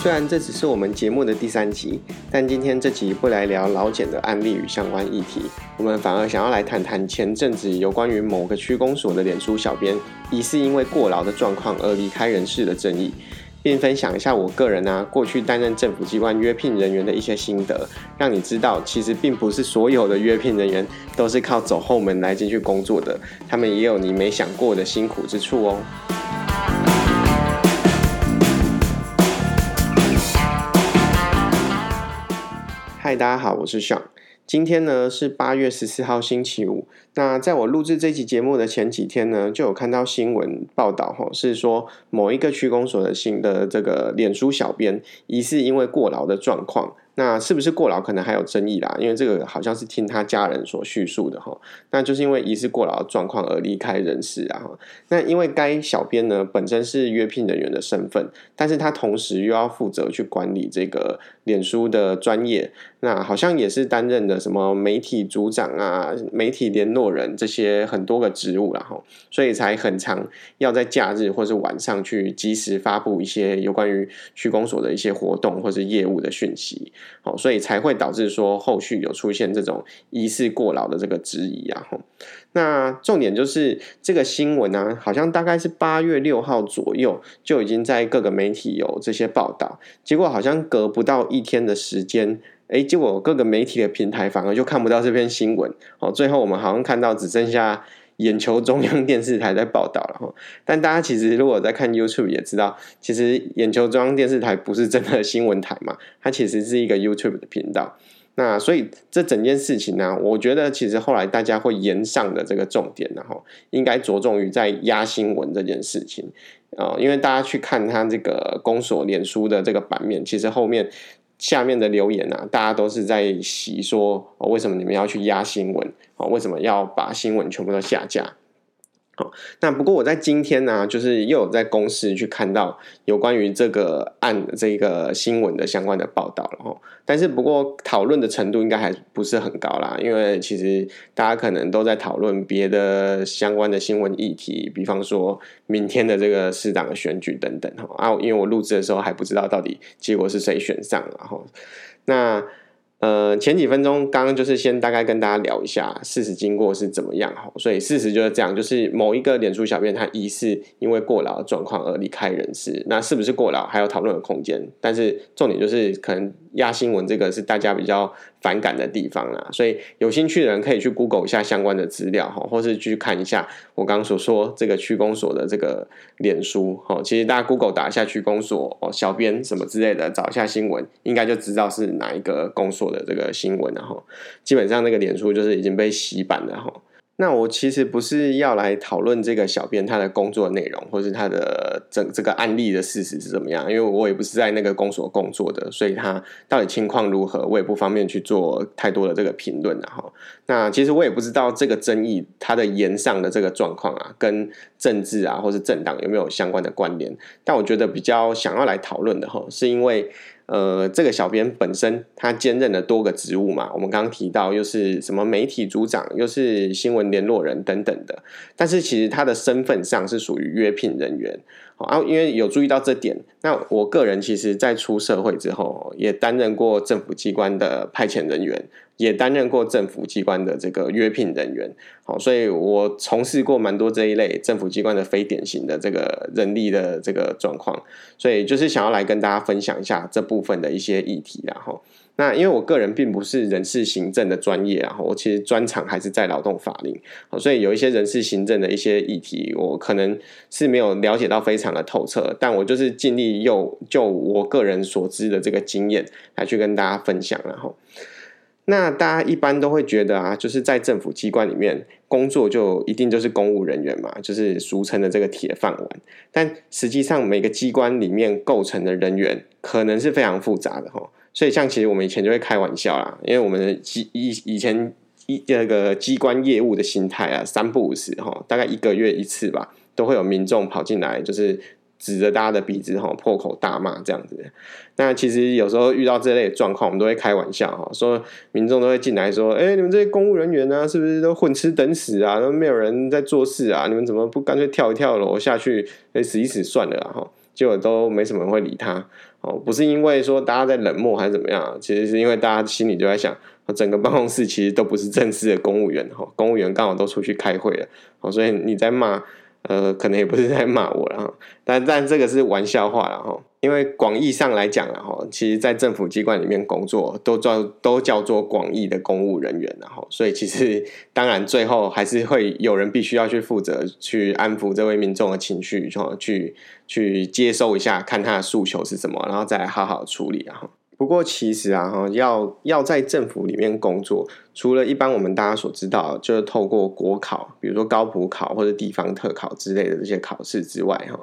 雖然這只是我們節目的第三集，但今天這集不來聊勞檢的案例與相關議題，我們反而想要來談談前陣子有關於某個區公所的臉書小編疑似因為過勞的狀況而離開人世的爭議，並分享一下我個人啊過去擔任政府機關約聘人員的一些心得，讓你知道其實並不是所有的約聘人員都是靠走後門來進去工作的，他們也有你沒想過的辛苦之處哦。嗨，大家好，我是 Sean。今天呢是八月十四號，星期五。那在我錄製這期節目的前幾天呢，就有看到新聞報道哈，是說某一個區公所的新的這個臉書小編疑似因為過勞的狀況。那是不是過勞可能還有爭議啦？因為這個好像是聽他家人所敘述的哈。那就是因為疑似過勞狀況而離開人世啊。那因為該小編呢本身是約聘人員的身份，但是他同時又要負責去管理這個臉書的專業。那好像也是擔任的什麼媒體組長啊，媒體聯絡。人這些很多個職務，然後所以才很常要在假日或是晚上去及時發布一些有關於區公所的一些活動或是業務的訊息，好，所以才會導致說後續有出現這種疑似過勞的這個質疑、啊，然後那重點就是這個新聞呢、啊，好像大概是八月六號左右就已經在各個媒體有這些報道，結果好像隔不到一天的時間。哎，結果各個媒體的平台反而就看不到這篇新聞哦。最後我們好像看到只剩下眼球中央電視台在報道了哈。但大家其實如果在看 YouTube 也知道，其實眼球中央電視台不是真的新聞台嘛，它其實是一個 YouTube 的頻道。那所以這整件事情呢、啊，我覺得其實後來大家會延上的這個重點、啊，然後應該着重於在壓新聞這件事情啊、哦，因為大家去看它這個公所臉書的這個版面，其實後面。下面的留言啊，大家都是在洗說，哦，為什麼你們要去壓新聞？啊，哦，為什麼要把新聞全部都下架？那不過我在今天呢、啊，就是又有在公視，去看到有關於這個案這個新聞的相關的報道了哈。但是不過討論的程度應該還不是很高啦，因為其實大家可能都在討論別的相關的新聞議題，比方說明天的這個市長的選舉等等哈。啊，因為我錄製的時候還不知道到底結果是誰選上了，然後那。呃，前幾分鐘剛剛就是先大概跟大家聊一下事實經過是怎麼樣哈，所以事實就是這樣，就是某一個臉書小編他疑似因為過勞狀況而離開人世，那是不是過勞還有討論的空間，但是重點就是可能。壓新聞這個是大家比較反感的地方啦，所以有興趣的人可以去 Google 一下相關的資料哈，或是去看一下我剛剛所說這個區公所的這個臉書哈。其實大家 Google 打一下區公所、小編什麼之類的，找一下新聞，應該就知道是哪一個公所的這個新聞，然後基本上那個臉書就是已經被洗版了。哈。那我其實不是要來討論這個小編他的工作的內容，或是他的整這個案例的事實是怎麼樣，因為我也不是在那個公所工作的，所以他到底情況如何，我也不方便去做太多的這個評論。然後，那其實我也不知道這個爭議它的言上的這個狀況啊，跟政治啊，或是政黨有沒有相關的關聯，但我覺得比較想要來討論的哈，是因為。呃，這個小編本身他兼任了多個職務嘛，我們剛剛提到又是什麼媒體組長，又是新聞聯絡人等等的，但是其實他的身份上是屬於約聘人員啊，因為有注意到這點。那我個人其實，在出社會之後，也擔任過政府機關的派遣人員。也擔任過政府機關的這個約聘人員，好，所以我從事過蠻多這一類政府機關的非典型的這個人力的這個狀況，所以就是想要來跟大家分享一下這部分的一些議題，然後，那因為我個人並不是人事行政的專業，然後我其實專長還是在勞動法令，好，所以有一些人事行政的一些議題，我可能是沒有了解到非常的透徹，但我就是盡力用就我個人所知的這個經驗來去跟大家分享，然後。那大家一般都會覺得啊，就是在政府機關裡面工作，就一定就是公務人員嘛，就是俗稱的這個鐵飯碗。但實際上，每個機關裡面構成的人員可能是非常複雜的哈、哦。所以，像其實我們以前就會開玩笑啦，因為我們的機以以前一那個，個機關業務的心態啊，三不五時哈，大概一個月一次吧，都會有民眾跑進來，就是。指着大家的鼻子破口大罵這樣子，那其實有時候遇到這類的狀況，我們都會開玩笑哈，說民眾都會進來說，哎，你們這些公務人員呢？是不是都混吃等死啊？都沒有人在做事啊？你們怎麼不乾脆跳一跳樓下去，死一死算了啊？哈，結果都沒什麼人會理他哦，不是因為說大家在冷漠還是怎麼樣，其實是因為大家心裡就在想，整個辦公室其實都不是正式的公務員哈，公務員剛好都出去開會了，哦，所以你在罵。呃，可能也不是在罵我了哈，但但這個是玩笑話了哈。因為廣義上來講了哈，其實，在政府機關裡面工作，都叫都叫做廣義的公務人員，然後，所以其實當然最後還是會有人必須要去負責去安撫這位民眾的情緒，然後去去接收一下，看他的訴求是什麼，然後再好好處理，然後。不過其實啊，哈，要要在政府裡面工作，除了一般我們大家所知道，就是透過國考，比如說高普考或者地方特考之類的這些考試之外，哈，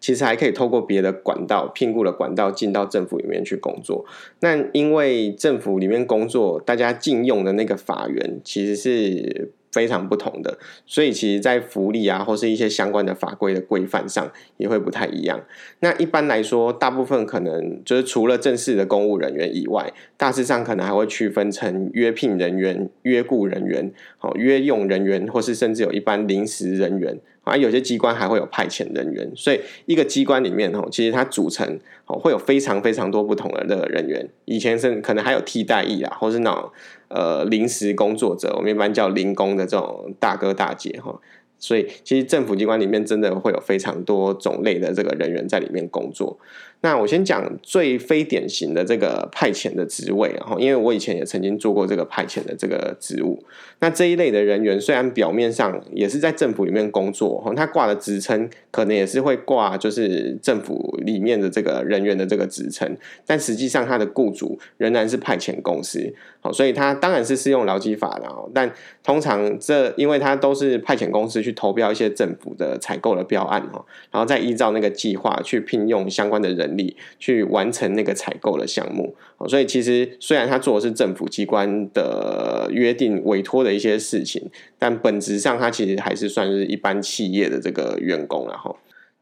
其實還可以透過別的管道，聘雇的管道進到政府裡面去工作。那因為政府裡面工作，大家進用的那個法源其實是。非常不同的，所以其實在福利啊或是一些相關的法規的規範上也會不太一樣。那一般來說，大部分可能就是除了正式的公務人員以外，大致上可能還會區分成約聘人員、約雇人員、好約用人員，或是甚至有一般臨時人員。而、啊、有些機關還會有派遣人員，所以一個機關裡面，其實它組成哦，會有非常非常多不同的人員。以前是可能還有替代役啊，或是那種呃臨時工作者，我們一般叫臨工的這種大哥大姐哈。所以其實政府機關裡面真的會有非常多種類的這個人員在裡面工作。那我先講最非典型的這個派遣的職位，然後因為我以前也曾經做過這個派遣的這個職務。那這一類的人員雖然表面上也是在政府裡面工作，他掛的職稱可能也是會掛就是政府裡面的這個人員的這個職稱，但實際上他的雇主仍然是派遣公司，好，所以他當然是適用勞基法的。但通常這因為他都是派遣公司去投標一些政府的採購的標案，哦，然後再依照那個計劃去聘用相關的人。力去完成那個採購的項目，所以其實雖然他做的是政府機關的約定委托的一些事情，但本質上他其實還是算是一般企業的這個員工。然後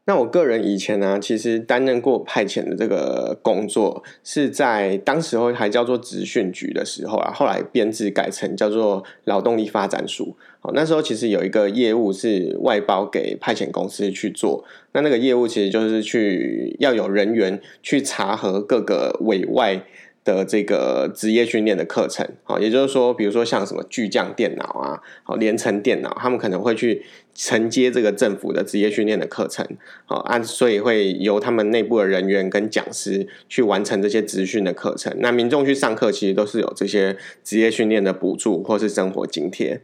那我個人以前呢，啊，其實擔任過派遣的這個工作，是在當時候還叫做職訓局的時候啊，後來編制改成叫做勞動力發展署。好，那時候其實有一個業務是外包給派遣公司去做，那那個業務其實就是去要有人員去查核各個委外的這個職業訓練的課程。好，也就是說，比如說像什麼巨匠電腦啊，哦，聯成電腦，他們可能會去承接這個政府的職業訓練的課程。好，按所以會由他們內部的人員跟講師去完成這些職訓的課程。那民眾去上課其實都是有這些職業訓練的補助或是生活津貼。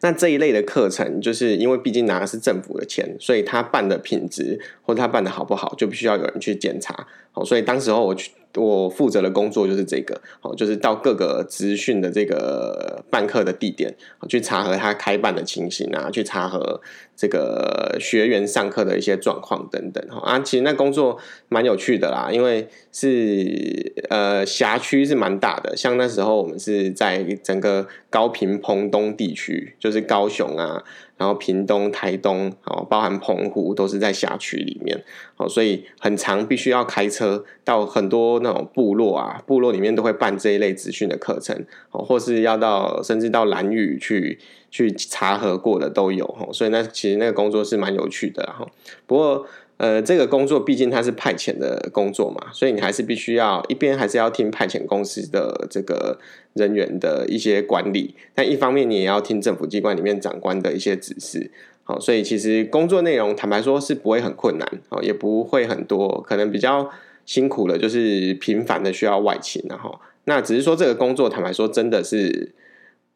那這一類的課程，就是因為畢竟拿的是政府的錢，所以他辦的品質或者他辦的好不好，就必須要有人去檢查。好，所以當時候我去。我負責的工作就是這個，就是到各個職訓的這個辦課的地點去查核他開辦的情形啊，去查核這個學員上課的一些狀況等等哈。啊，其實那工作蠻有趣的啦，因為是呃，轄區是蠻大的，像那時候我們是在整個高屏、澎東地區，就是高雄啊。然後屏東、臺東哦，包含澎湖都是在轄區裡面哦，所以很常，必須要開車到很多那種部落啊，部落裡面都會辦這一類資訊的課程哦，或是要到甚至到蘭嶼去去查核過的都有哦，所以那其實那個工作是蠻有趣的哈，不過。呃，這個工作畢竟它是派遣的工作嘛，所以你還是必須要一邊還是要聽派遣公司的這個人員的一些管理，但一方面你也要聽政府機關裡面長官的一些指示。好，所以其實工作內容坦白說是不會很困難，好，也不會很多，可能比較辛苦了就是頻繁的需要外勤然後，那只是說這個工作坦白說真的是。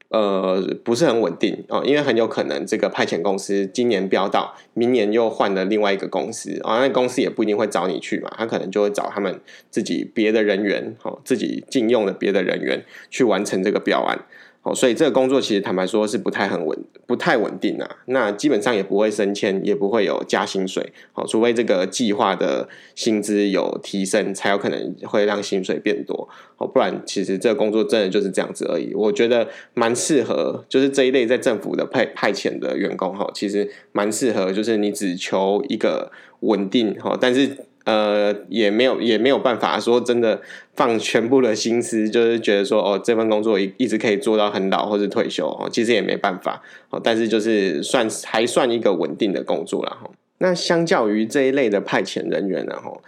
呃，不是很穩定啊、哦，因為很有可能這個派遣公司今年標到，明年又換了另外一個公司啊、哦，那公司也不一定會找你去嘛，他可能就會找他們自己別的人員，好、哦、自己進用的別的人員去完成這個標案。哦，所以這個工作其實坦白說，是不太很穩，不太穩定啊。那基本上也不會升遷，也不會有加薪水。哦，除非這個計劃的薪資有提升，才有可能會讓薪水變多。哦，不然其實這個工作真的就是這樣子而已。我覺得蠻適合，就是這一類在政府的派派遣的員工。哈，其實蠻適合，就是你只求一個穩定。哈，但是。呃，也沒有也沒有辦法說真的放全部的心思，就是覺得說哦，這份工作一一直可以做到很老或是退休哦，其實也沒辦法哦，但是就是算還算一個穩定的工作了哈。那相較於這一類的派遣人員，然後啊，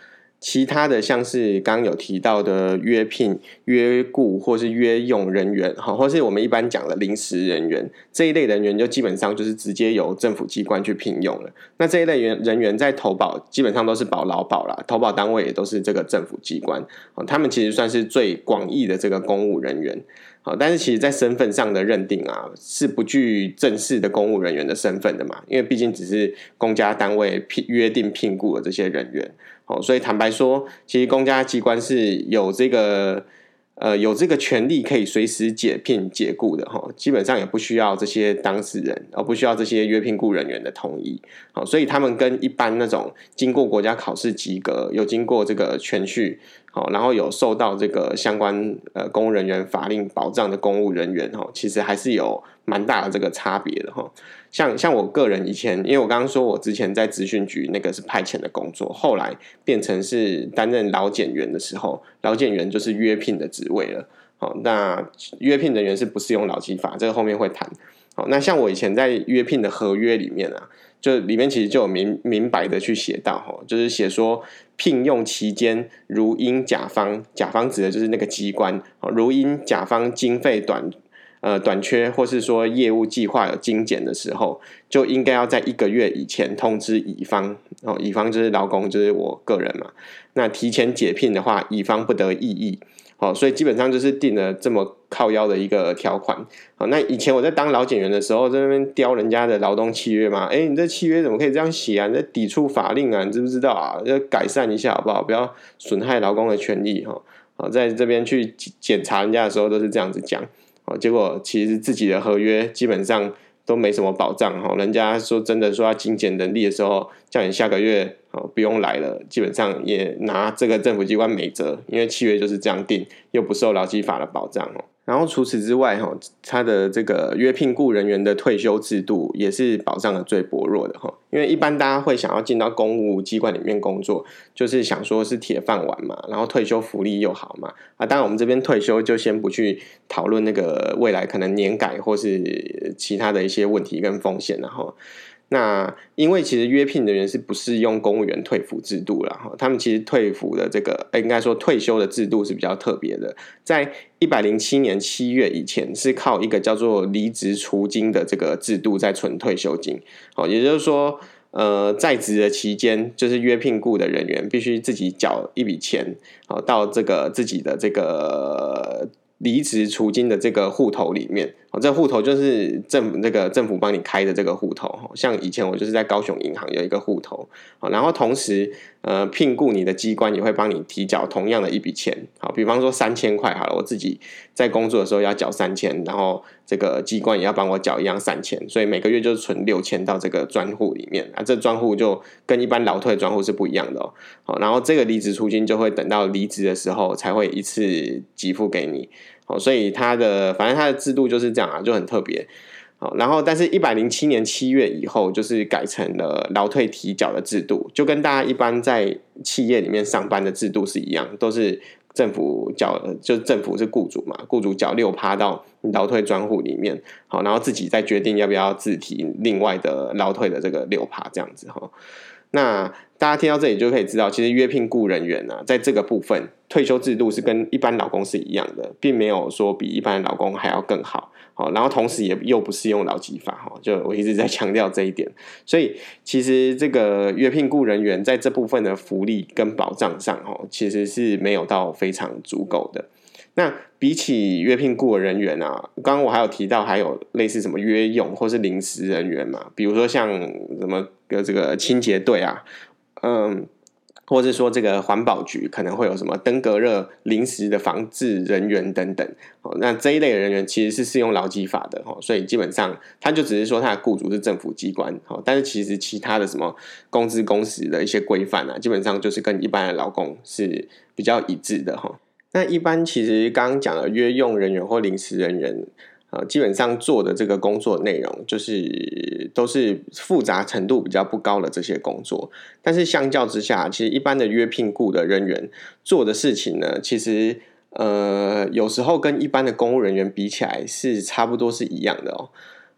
其他的像是剛有提到的約聘、約僱或是約用人員，或是我們一般講的臨時人員這一類人員，就基本上就是直接由政府機關去聘用了。那這一類人員在投保，基本上都是保勞保啦，投保單位也都是這個政府機關，他們其實算是最廣義的這個公務人員。但是，其實，在身份上的認定啊，是不具正式的公務人員的身份的嘛？因為畢竟只是公家單位聘約定聘雇的這些人員，所以坦白說，其實公家機關是有這個呃有這個權利可以隨時解聘解雇的基本上也不需要這些當事人，而不需要這些約聘雇人員的同意，好，所以他們跟一般那種經過國家考試及格，有經過這個全序。哦，然後有受到這個相關呃公務人員法令保障的公務人員哦，其實還是有蠻大的這個差別的哈。像像我個人以前，因為我剛剛說，我之前在資訊局那個是派遣的工作，後來變成是擔任勞檢員的時候，勞檢員就是約聘的職位了。好，那約聘人員是不適用勞基法，這個後面會談。那像我以前在約聘的合約裡面啊，就裡面其實就有明明白的去寫到哦，就是寫說，聘用期間如因甲方，甲方指的就是那個機關，如因甲方經費短，呃短缺或是說業務計劃有精簡的時候，就應該要在一個月以前通知乙方，哦，乙方就是勞工，就是我個人嘛。那提前解聘的話，乙方不得異議。哦，所以基本上就是定了這麼靠腰的一個條款。好、哦，那以前我在當勞檢員的時候，在那邊刁人家的勞動契約嘛，哎，你這契約怎麼可以這樣寫啊？你這抵觸法令啊，你知不知道啊？要改善一下好不好？不要損害勞工的權益哈。啊、哦，在這邊去檢查人家的時候都是這樣子講。好、哦，結果其實自己的合約基本上都沒什麼保障哈、哦。人家說真的說要精簡能力的時候，叫你下個月。哦，不用來了，基本上也拿這個政府機關沒轍，因為契約就是這樣定，又不受勞基法的保障哦。然後除此之外，哈，他的這個約聘雇人員的退休制度也是保障的最薄弱的哈，因為一般大家會想要進到公務機關裡面工作，就是想說是鐵飯碗嘛，然後退休福利又好嘛啊。當然我們這邊退休就先不去討論那個未來可能年改或是其他的一些問題跟風險，啊，然後。那因為其實約聘人員是不適用公務員退撫制度啦，哈，他們其實退撫的這個，應該說退休的制度是比較特別的，在一百零七年七月以前是靠一個叫做離職儲金的這個制度在存退休金，哦，也就是說，呃，在職的期間就是約聘雇的人員必須自己繳一筆錢，哦，到這個自己的這個離職儲金的這個戶頭裡面。這戶頭就是政那，這個政府幫你開的這個戶頭，像以前我就是在高雄銀行有一個戶頭，然後同時呃，聘僱你的機關也會幫你提繳同樣的一筆錢，好，比方說三千塊好了，我自己在工作的時候要繳三千，然後這個機關也要幫我繳一樣三千，所以每個月就存六千到這個專戶裡面啊，這專戶就跟一般勞退的專戶是不一樣的哦，好，然後這個離職出金就會等到離職的時候才會一次給付給你。哦，所以他的反正他的制度就是這樣啊，就很特別。好，然後但是，一百零七年七月以後，就是改成了勞退提繳的制度，就跟大家一般在企業裡面上班的制度是一樣，都是政府繳，就是政府是雇主嘛，雇主繳六趴到勞退專戶裡面，好，然後自己再決定要不要自提另外的勞退的這個六趴這樣子哈。好那大家聽到這裡就可以知道，其實約聘僱人員呢、啊，在這個部分退休制度是跟一般勞工是一樣的，並沒有說比一般勞工還要更好哦。然後同時也又不適用勞基法哈，就我一直在強調這一點。所以其實這個約聘僱人員在這部分的福利跟保障上，哦，其實是沒有到非常足夠的。那比起約聘僱的人員啊，剛剛我還有提到，還有類似什麼約用或是臨時人員嘛，比如說像什麼個這個清潔隊啊，嗯，或者說這個環保局可能會有什麼登革熱臨時的防治人員等等，哦，那這一類的人員其實是適用勞基法的哦，所以基本上他就只是說他的雇主是政府機關哦，但是其實其他的什麼工資工時的一些規範啊，基本上就是跟一般的勞工是比較一致的哈。那一般其實剛剛講的約用人員或臨時人員，啊，基本上做的這個工作內容，就是都是複雜程度比較不高的這些工作。但是相較之下，其實一般的約聘雇的人員做的事情呢，其實呃，有時候跟一般的公務人員比起來是差不多是一樣的哦。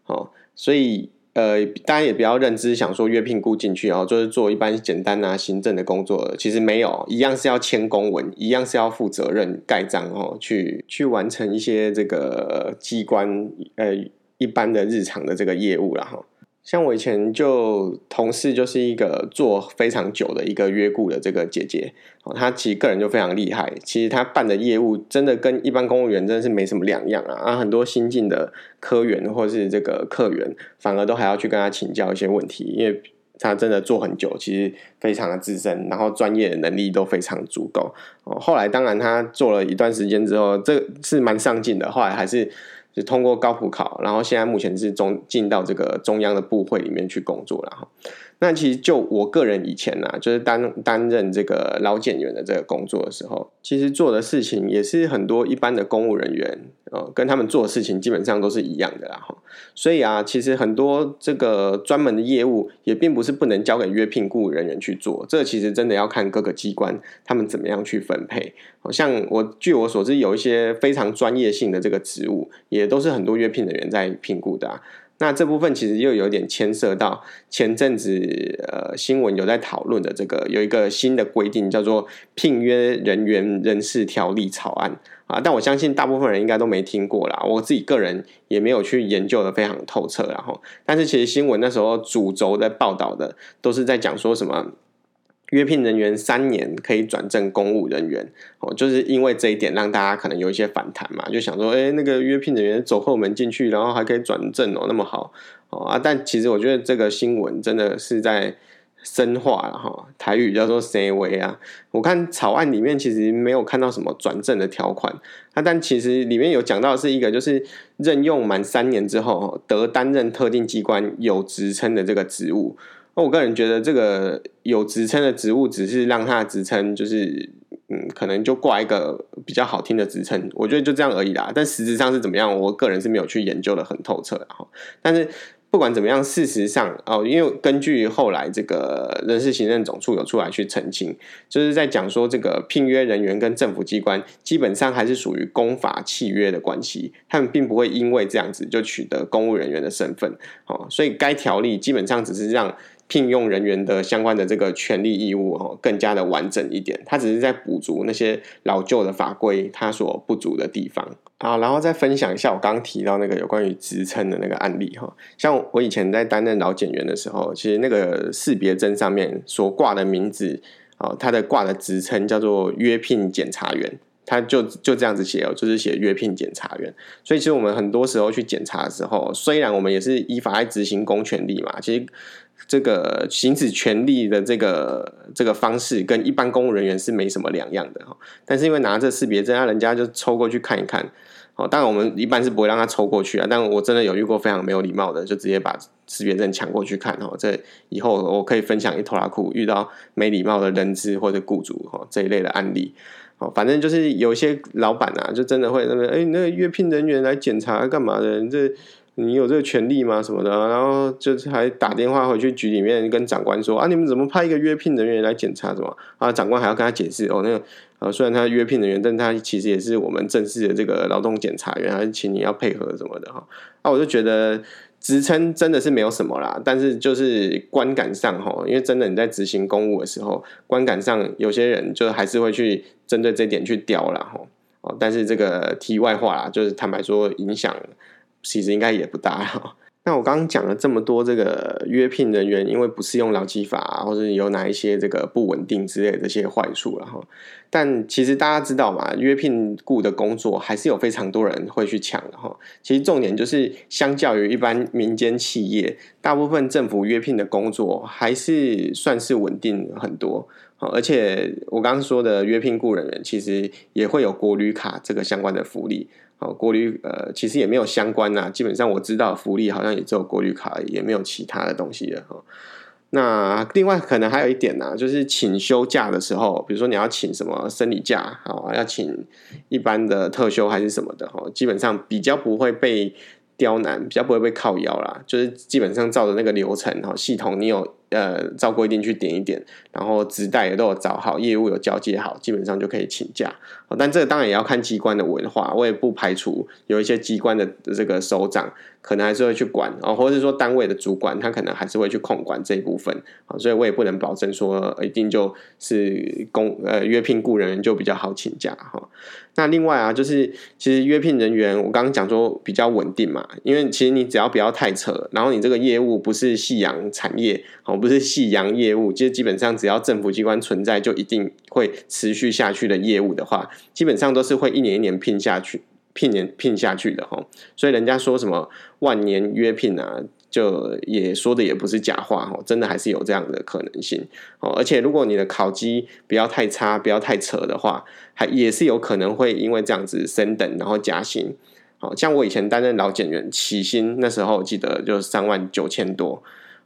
哦，所以。呃，大家也不要認知，想說約聘雇進去哦，就是做一般簡單啊行政的工作，其實沒有，一樣是要簽公文，一樣是要負責任蓋章哦，去去完成一些這個機關呃一般的日常的這個業務了哈。像我以前就同事就是一個做非常久的一個約僱的這個姐姐哦，她其實個人就非常厲害。其實她辦的業務真的跟一般公務員真的是沒什麼兩樣啊，啊，很多新進的科員或是這個課員，反而都還要去跟她請教一些問題，因為她真的做很久，其實非常的資深，然後專業的能力都非常足夠。哦，後來當然她做了一段時間之後，這是蠻上進的，後來還是。是通過高普考，然後現在目前是中進到這個中央的部會裡面去工作了，然後。那其實就我個人以前呢、啊，就是擔擔任這個勞檢員的這個工作的時候，其實做的事情也是很多一般的公務人員、哦、跟他們做的事情基本上都是一樣的啦哈。所以啊，其實很多這個專門的業務也並不是不能交給約聘雇人員去做，這其實真的要看各個機關他們怎麼樣去分配。哦、像我據我所知，有一些非常專業性的這個職務，也都是很多約聘的人員在聘雇的、啊。那這部分其實又有點牽涉到前陣子呃新聞有在討論的這個，有一個新的規定叫做聘約人員人事條例草案啊，但我相信大部分人應該都沒聽過啦，我自己個人也沒有去研究的非常透徹，然後，但是其實新聞那時候主軸在報道的都是在講說什麼。約聘人員三年可以轉正公務人員哦，就是因為這一點讓大家可能有一些反彈嘛，就想說，誒，那個約聘人員走後門進去，然後還可以轉正哦，那麼好哦啊！但其實我覺得這個新聞真的是在深化了哈，台語叫做 sei wei 啊。我看草案裡面其實沒有看到什麼轉正的條款，啊，但其實裡面有講到是一個就是任用滿三年之後得擔任特定機關有職稱的這個職務。那我個人覺得，這個有職稱的職務只是讓他的職稱就是，嗯，可能就掛一個比較好聽的職稱，我覺得就這樣而已啦。但實質上是怎麼樣，我個人是沒有去研究得很透徹。哈，但是不管怎麼樣，事實上哦，因為根據後來這個人事行政總處有出來去澄清，就是在講說，這個聘約人員跟政府機關基本上還是屬於公法契約的關係，他們並不會因為這樣子就取得公務人員的身份。哦，所以該條例基本上只是讓。聘用人員的相關的這個權利義務哦，更加的完整一點。他只是在補足那些老舊的法規他所不足的地方啊。然後再分享一下我剛提到那個有關於職稱的那個案例哈。像我以前在擔任老檢員的時候，其實那個識別證上面所掛的名字啊，他的掛的職稱叫做約聘檢察員，他就就這樣子寫哦，就是寫約聘檢察員。所以其實我們很多時候去檢查的時候，雖然我們也是依法在執行公權力嘛，其實。這個行使權利的這個這個方式，跟一般公務人員是沒什麼兩樣的哈。但是因為拿着識別證啊，人家就抽過去看一看。哦，當然我們一般是不會讓他抽過去的。但我真的有遇過非常沒有禮貌的，就直接把識別證搶過去看。哈，這以後我可以分享一拖拉庫遇到沒禮貌的人資，或者雇主哈，這一類的案例。哦，反正就是有些老闆啊，就真的會那個，哎，那個約聘人員來檢查幹嘛的？這。你有這個權利嗎？什麼的，然後就是還打電話回去局裡面跟長官說啊，你們怎麼派一個約聘人員來檢查？什麼啊？長官還要跟他解釋哦，那個啊、呃，雖然他是約聘人員，但他其實也是我們正式的這個勞動檢查員，還是請你要配合什麼的哈、哦、啊！我就覺得職稱真的是沒有什麼啦，但是就是觀感上哈、哦，因為真的你在執行公務的時候，觀感上有些人就還是會去針對這點去刁啦。哈哦。但是這個題外話啦，就是坦白說影響。其實應該也不大哈。那我剛剛講了這麼多，這個約聘人員因為不適用勞基法、啊，或者有哪一些這個不穩定之類的一些壞處了、啊、哈。但其實大家知道嘛，約聘雇的工作還是有非常多人會去搶的哈。其實重點就是，相較於一般民間企業，大部分政府約聘的工作還是算是穩定很多。哦，而且我剛剛說的約聘雇人員，其實也會有國旅卡這個相關的福利。哦，國旅呃，其實也沒有相關吶。基本上我知道福利好像也只有國旅卡，也沒有其他的東西了。哈，那另外可能還有一點啦、啊，就是請休假的時候，比如說你要請什麼生理假，哦，要請一般的特休還是什麼的，哈，基本上比較不會被刁難，比較不會被靠腰啦。就是基本上照着那個流程，哈，系統你有。呃，照規定去點一點，然後職代也都有找好，業務有交接好，基本上就可以請假。但這當然也要看機關的文化，我也不排除有一些機關的這個首長。可能還是會去管啊，或是說單位的主管他可能還是會去控管這一部分啊，所以我也不能保證說一定就是公呃約聘雇人就比較好請假哈。那另外啊，就是其實約聘人員我剛剛講說比較穩定嘛，因為其實你只要不要太扯，然後你這個業務不是夕陽產業哦，不是夕陽業務，其實基本上只要政府機關存在，就一定會持續下去的業務的話，基本上都是會一年一年聘下去。聘年聘下去的哈，所以人家說什麼萬年約聘啊，就也說的也不是假話哦，真的還是有這樣的可能性哦。而且如果你的考績不要太差，不要太扯的話，還也是有可能會因為這樣子升等然後加薪哦。像我以前擔任勞檢員，起薪那時候，記得就是三萬九千多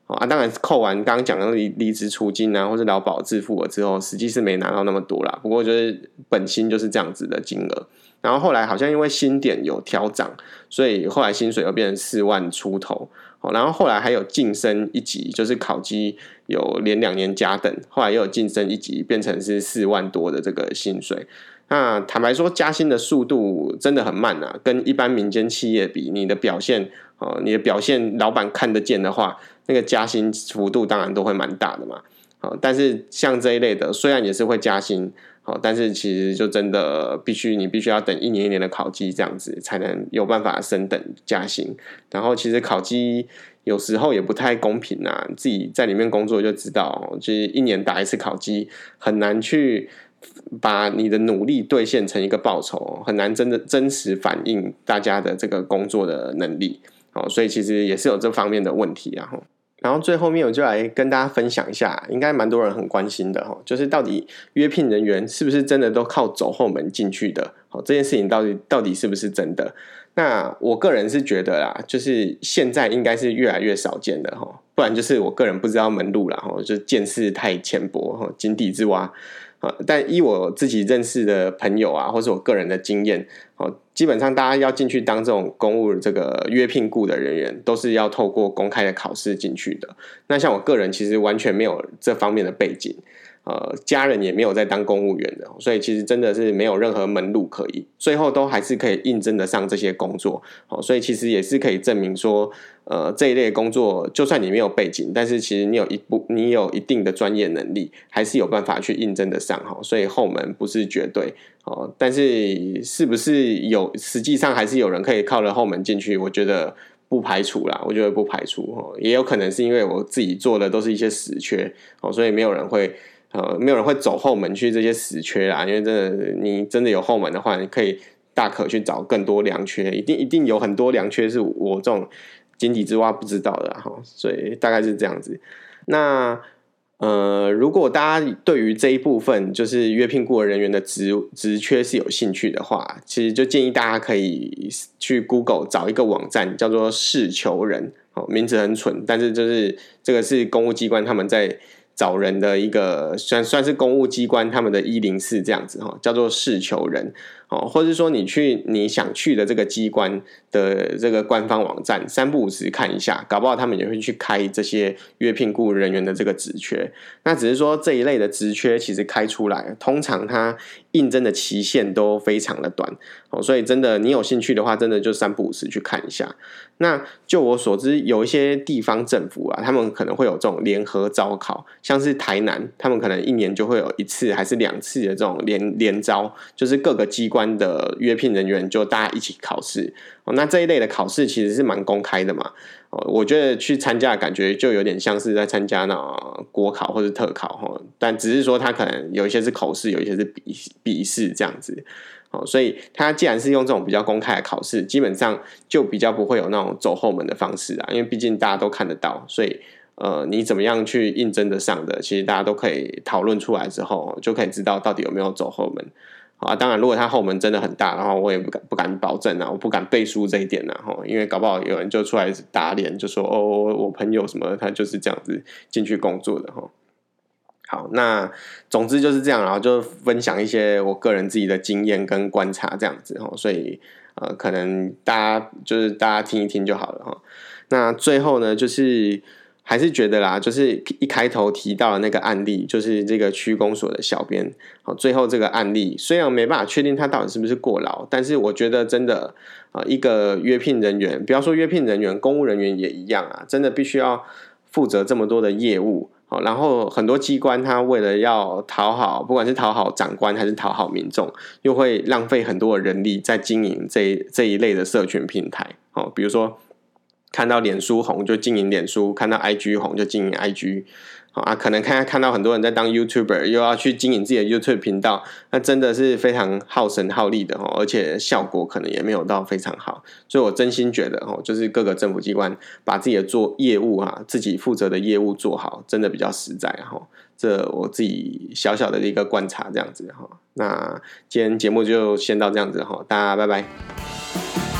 哦啊，當然扣完剛剛講的離、離職儲金啊，或者勞保支付了之後，實際是沒拿到那麼多啦。不過就是本薪就是這樣子的金額。然後後來好像因為薪點有調漲，所以後來薪水又變成四萬出頭。然後後來還有晉升一級，就是考績有連兩年甲等，後來又有晉升一級，變成是四萬多的這個薪水。那坦白說，加薪的速度真的很慢啊，跟一般民間企業比，你的表現哦，你的表現，老闆看得見的話，那個加薪幅度當然都會蠻大的嘛。但是像這一類的，雖然也是會加薪。好，但是其實就真的必須你必須要等一年一年的考績這樣子，才能有辦法升等加薪。然後其實考績有時候也不太公平吶、啊，自己在裡面工作就知道，其實一年打一次考績，很難去把你的努力兌現成一個報酬，很難真的真實反映大家的這個工作的能力。好，所以其實也是有這方面的問題、啊，然後。然後最後面我就來跟大家分享一下，應該蠻多人很關心的，就是到底約聘人員是不是真的都靠走後門進去的？哦，這件事情到底到底是不是真的？那我個人是覺得啦，就是現在應該是越來越少見的，不然就是我個人不知道門路啦。哈，就見識太淺薄哈，井底之蛙。但依我自己認識的朋友啊，或是我個人的經驗，哦，基本上大家要進去當這種公務這個約聘雇的人員，都是要透過公開的考試進去的。那像我個人，其實完全沒有這方面的背景。呃，家人也沒有在當公務員的，所以其實真的是沒有任何門路可以，最後都還是可以應徵得上這些工作，好、哦，所以其實也是可以證明說，呃，這一類工作就算你沒有背景，但是其實你有一部你有一定的專業能力，還是有辦法去應徵得上哈、哦，所以後門不是絕對哦，但是是不是有實際上還是有人可以靠着後門進去，我覺得不排除啦，我覺得不排除、哦、也有可能是因為我自己做的都是一些死缺哦，所以沒有人會。呃，沒有人會走後門去這些死缺啊，因為真的，你真的有後門的話，你可以大可去找更多良缺，一定一定有很多良缺是我這種井底之蛙不知道的哈。所以大概是這樣子。那呃，如果大家對於這一部分就是約聘雇人員的職職缺是有興趣的話，其實就建議大家可以去 Google 找一個網站叫做“事求人”，好，名字很蠢，但是就是這個是公務機關他們在。找人的一個算，算是公務機關他們的一零四這樣子哈，叫做事求人哦，或者是說你去你想去的這個機關的這個官方網站三不五時看一下，搞不好他們也會去開這些約聘僱人員的這個職缺。那只是說這一類的職缺其實開出來，通常它應徵的期限都非常的短哦，所以真的你有興趣的話，真的就三不五時去看一下。那就我所知，有一些地方政府啊，他們可能會有這種聯合招考，像是台南，他們可能一年就會有一次還是兩次的這種連連招，就是各個機關的約聘人員就大家一起考試。哦，那這一類的考試其實是蠻公開的嘛。我覺得去參加的感覺就有點像是在參加那國考或者特考，但只是說他可能有一些是口試，有一些是筆筆試這樣子。所以，他既然是用這種比較公開的考試，基本上就比較不會有那種走後門的方式啊。因為畢竟大家都看得到，所以呃，你怎麼樣去應徵得上的，其實大家都可以討論出來之後，就可以知道到底有沒有走後門。好啊。當然，如果他後門真的很大，然後我也不敢不敢保證啊，我不敢背書這一點呢啊。因為搞不好有人就出來打臉，就說哦，我朋友什麼，他就是這樣子進去工作的哈。好，那總之就是這樣，然後就分享一些我個人自己的經驗跟觀察這樣子哈，所以呃，可能大家就是大家聽一聽就好了哈。那最後呢，就是還是覺得啦，就是一開頭提到的那個案例，就是這個區公所的小編，好，最後這個案例雖然我沒辦法確定他到底是不是過勞，但是我覺得真的啊，呃，一個約聘人員，不要說約聘人員，公務人員也一樣啊，真的必須要負責這麼多的業務。好，然後很多機關，他為了要討好，不管是討好長官還是討好民眾，又會浪費很多的人力在經營這這一類的社群平台。哦，比如說看到臉書紅就經營臉書，看到 IG 紅就經營 IG。啊，可能看看到很多人在當 YouTuber，又要去經營自己的 YouTube 頻道，那真的是非常耗神耗力的哦，而且效果可能也沒有到非常好。所以我真心覺得哦，就是各個政府機關把自己的做業務啊，自己負責的業務做好，真的比較實在哈。這我自己小小的一個觀察這樣子哈。那今天節目就先到這樣子哈，大家拜拜。